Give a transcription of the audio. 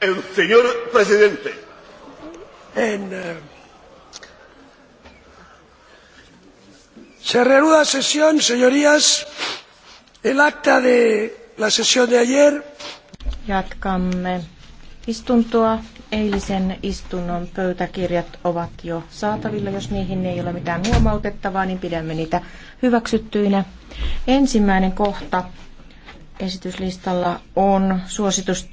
El señor presidente. En eh, se reanuda sesión, señorías. El acta de la sesión de ayer. Jatkamme istuntoa. Eilisen istunnon pöytäkirjat ovat jo saatavilla. Jos niihin ei ole mitään huomautettavaa, niin pidämme niitä hyväksyttyinä. Ensimmäinen kohta esityslistalla on suositus